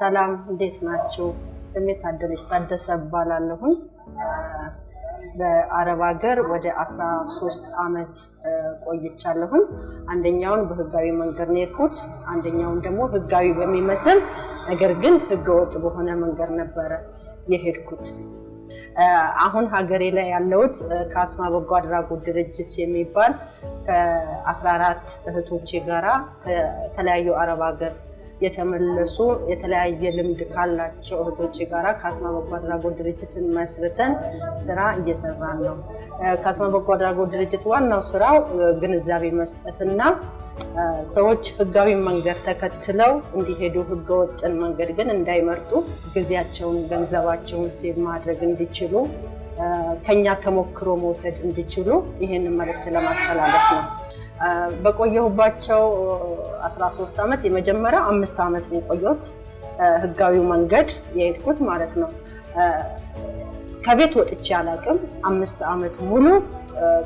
ሰላም እንዴት ናችሁ? ስሜ ታደለች ታደሰ እባላለሁኝ። በአረብ ሀገር ወደ 13 ዓመት ቆይቻለሁኝ። አንደኛውን በህጋዊ መንገድ ነው የሄድኩት፣ አንደኛውን ደግሞ ህጋዊ በሚመስል ነገር ግን ህገ ወጥ በሆነ መንገድ ነበረ የሄድኩት። አሁን ሀገሬ ላይ ያለሁት ከአስማ በጎ አድራጎት ድርጅት የሚባል ከ14 እህቶቼ ጋራ ከተለያዩ አረብ ሀገር የተመለሱ የተለያየ ልምድ ካላቸው እህቶች ጋራ ካስማ በጎ አድራጎት ድርጅትን መስርተን ስራ እየሰራን ነው። ካስማ በጎ አድራጎት ድርጅት ዋናው ስራው ግንዛቤ መስጠትና ሰዎች ህጋዊ መንገድ ተከትለው እንዲሄዱ ህገወጥን መንገድ ግን እንዳይመርጡ ጊዜያቸውን፣ ገንዘባቸውን ሴቭ ማድረግ እንዲችሉ ከኛ ተሞክሮ መውሰድ እንዲችሉ ይህንን መልእክት ለማስተላለፍ ነው። በቆየሁባቸው 13 ዓመት የመጀመሪያ አምስት ዓመት ነው የቆየሁት። ህጋዊው መንገድ የሄድኩት ማለት ነው። ከቤት ወጥቼ አላውቅም። አምስት ዓመት ሙሉ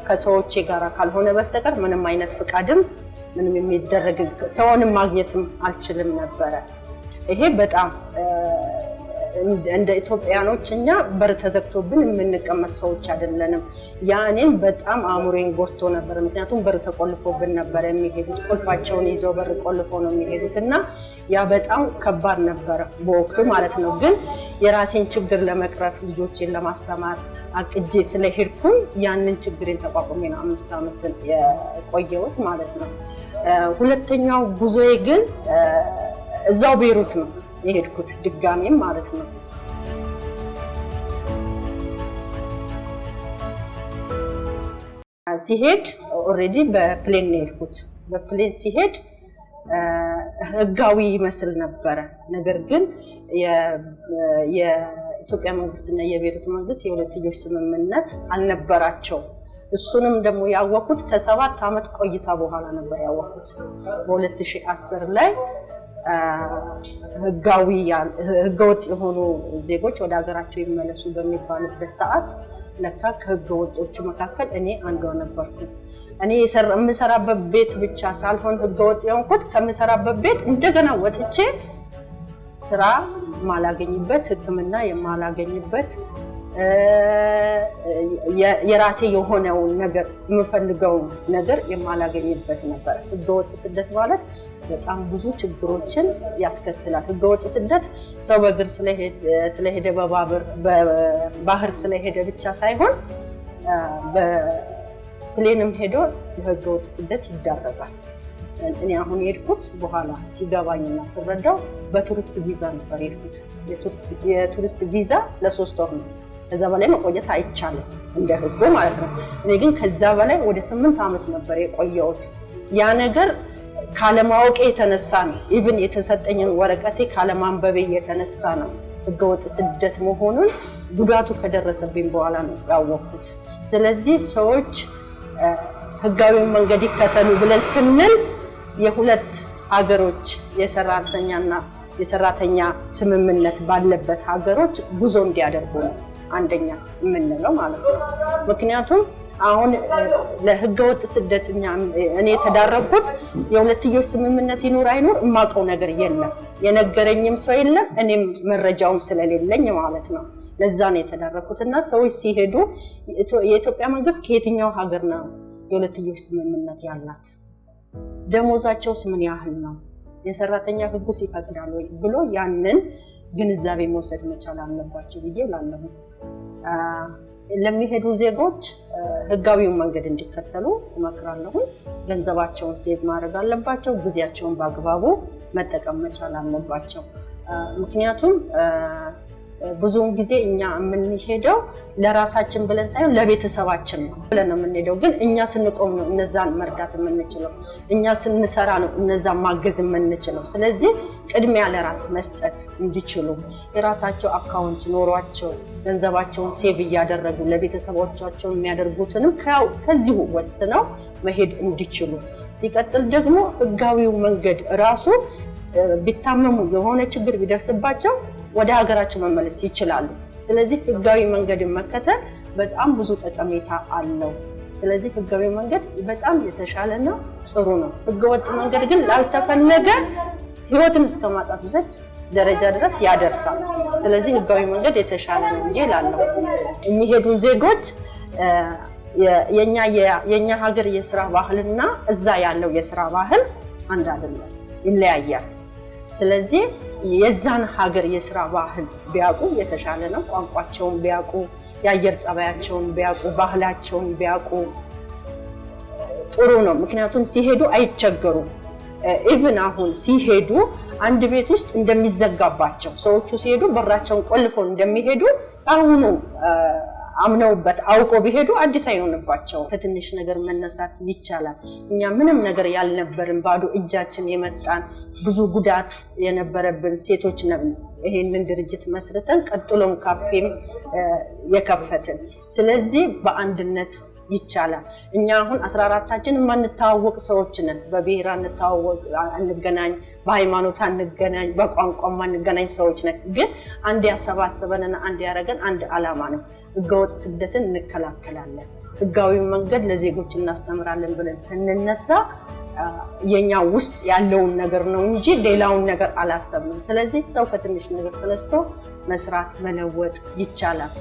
ከሰዎቼ ጋር ካልሆነ በስተቀር ምንም አይነት ፍቃድም ምንም የሚደረግ ሰውንም ማግኘትም አልችልም ነበረ። ይሄ በጣም እንደ ኢትዮጵያኖች እኛ በር ተዘግቶብን የምንቀመጥ ሰዎች አይደለንም። ያኔን በጣም አእምሮዬን ጎድቶ ነበር። ምክንያቱም በር ተቆልፎብን ነበር የሚሄዱት። ቁልፋቸውን ይዘው በር ቆልፎ ነው የሚሄዱት እና ያ በጣም ከባድ ነበረ በወቅቱ ማለት ነው። ግን የራሴን ችግር ለመቅረፍ ልጆቼን ለማስተማር አቅጄ ስለሄድኩኝ ያንን ችግሬን ተቋቁሜ ነው አምስት ዓመት የቆየሁት ማለት ነው። ሁለተኛው ጉዞዬ ግን እዛው ቤሩት ነው የሄድኩት ድጋሜም ማለት ነው። ሲሄድ ኦልሬዲ በፕሌን ነው የሄድኩት። በፕሌን ሲሄድ ህጋዊ ይመስል ነበረ። ነገር ግን የኢትዮጵያ መንግስትና የቤሩት መንግስት የሁለትዮሽ ስምምነት አልነበራቸው። እሱንም ደግሞ ያወቅኩት ከሰባት ዓመት ቆይታ በኋላ ነበር ያወቅኩት በ2010 ላይ ህገወጥ የሆኑ ዜጎች ወደ ሀገራቸው ይመለሱ በሚባሉበት ሰዓት ለካ ከህገ ወጦቹ መካከል እኔ አንዷ ነበርኩ። እኔ የምሰራበት ቤት ብቻ ሳልሆን ህገ ወጥ የሆንኩት ከምሰራበት ቤት እንደገና ወጥቼ ስራ ማላገኝበት፣ ህክምና የማላገኝበት የራሴ የሆነውን ነገር የምፈልገውን ነገር የማላገኝበት ነበር። ህገ ወጥ ስደት ማለት በጣም ብዙ ችግሮችን ያስከትላል። ህገወጥ ስደት ሰው በእግር ስለሄደ በባህር ስለሄደ ብቻ ሳይሆን በፕሌንም ሄዶ ለህገወጥ ስደት ይዳረጋል። እኔ አሁን የሄድኩት በኋላ ሲገባኝና ስረዳው በቱሪስት ቪዛ ነበር የሄድኩት። የቱሪስት ቪዛ ለሶስት ወር ነው። ከዛ በላይ መቆየት አይቻልም እንደ ህጉ ማለት ነው። እኔ ግን ከዛ በላይ ወደ ስምንት ዓመት ነበር የቆየሁት ያ ነገር ካለማወቄ የተነሳ ነው። ኢብን የተሰጠኝን ወረቀቴ ካለማንበቤ የተነሳ ነው ህገወጥ ስደት መሆኑን ጉዳቱ ከደረሰብኝ በኋላ ነው ያወቅኩት። ስለዚህ ሰዎች ህጋዊውን መንገድ ይከተሉ ብለን ስንል የሁለት ሀገሮች የሰራተኛና የሰራተኛ ስምምነት ባለበት ሀገሮች ጉዞ እንዲያደርጉ ነው አንደኛ የምንለው ማለት ነው። ምክንያቱም አሁን ለህገወጥ ስደት እኔ የተዳረኩት የሁለትዮሽ ስምምነት ይኑር አይኑር የማውቀው ነገር የለም። የነገረኝም ሰው የለም፣ እኔም መረጃውም ስለሌለኝ ማለት ነው። ለዛ ነው የተዳረኩት። እና ሰዎች ሲሄዱ የኢትዮጵያ መንግስት ከየትኛው ሀገር ነው የሁለትዮሽ ስምምነት ያላት? ደሞዛቸውስ ምን ያህል ነው? የሰራተኛ ህጉስ ይፈቅዳል ወይ ብሎ ያንን ግንዛቤ መውሰድ መቻል አለባቸው ብዬ ላለሁ ለሚሄዱ ዜጎች ህጋዊውን መንገድ እንዲከተሉ እመክራለሁ። ገንዘባቸውን ሴቭ ማድረግ አለባቸው። ጊዜያቸውን በአግባቡ መጠቀም መቻል አለባቸው። ምክንያቱም ብዙውን ጊዜ እኛ የምንሄደው ለራሳችን ብለን ሳይሆን ለቤተሰባችን ነው ብለን ነው የምንሄደው። ግን እኛ ስንቆም ነው እነዛን መርዳት የምንችለው፣ እኛ ስንሰራ ነው እነዛን ማገዝ የምንችለው። ስለዚህ ቅድሚያ ለራስ መስጠት እንዲችሉ የራሳቸው አካውንት ኖሯቸው ገንዘባቸውን ሴቭ እያደረጉ ለቤተሰቦቻቸው የሚያደርጉትንም ከዚሁ ወስነው መሄድ እንዲችሉ፣ ሲቀጥል ደግሞ ህጋዊው መንገድ ራሱ ቢታመሙ የሆነ ችግር ቢደርስባቸው ወደ ሀገራቸው መመለስ ይችላሉ። ስለዚህ ህጋዊ መንገድን መከተል በጣም ብዙ ጠቀሜታ አለው። ስለዚህ ህጋዊ መንገድ በጣም የተሻለና ጥሩ ነው። ህገወጥ መንገድ ግን ላልተፈለገ ህይወትን እስከ ማጣት ድረስ ደረጃ ድረስ ያደርሳል። ስለዚህ ህጋዊ መንገድ የተሻለ ነው እንጂ ላለው የሚሄዱ ዜጎች የእኛ ሀገር የስራ ባህልና እዛ ያለው የስራ ባህል አንድ አይደለም፣ ይለያያል። ስለዚህ የዛን ሀገር የስራ ባህል ቢያውቁ የተሻለ ነው። ቋንቋቸውን ቢያውቁ፣ የአየር ጸባያቸውን ቢያውቁ፣ ባህላቸውን ቢያውቁ ጥሩ ነው። ምክንያቱም ሲሄዱ አይቸገሩም። ኢቭን አሁን ሲሄዱ አንድ ቤት ውስጥ እንደሚዘጋባቸው ሰዎቹ ሲሄዱ በራቸውን ቆልፈው እንደሚሄዱ አሁኑ አምነውበት አውቆ ቢሄዱ አዲስ አይሆንባቸው። ከትንሽ ነገር መነሳት ይቻላል። እኛ ምንም ነገር ያልነበርን ባዶ እጃችን የመጣን ብዙ ጉዳት የነበረብን ሴቶች ነ ይሄንን ድርጅት መስርተን ቀጥሎም ካፌም የከፈትን። ስለዚህ በአንድነት ይቻላል። እኛ አሁን አስራ አራታችን የማንተዋወቅ ሰዎች ነን። በብሔር አንገናኝ፣ በሃይማኖት አንገናኝ፣ በቋንቋ አንገናኝ ሰዎች ነን። ግን አንድ ያሰባሰበንና አንድ ያደረገን አንድ አላማ ነው። ህገወጥ ስደትን እንከላከላለን፣ ህጋዊ መንገድ ለዜጎች እናስተምራለን ብለን ስንነሳ የኛ ውስጥ ያለውን ነገር ነው እንጂ ሌላውን ነገር አላሰብንም። ስለዚህ ሰው ከትንሽ ነገር ተነስቶ መስራት መለወጥ ይቻላል።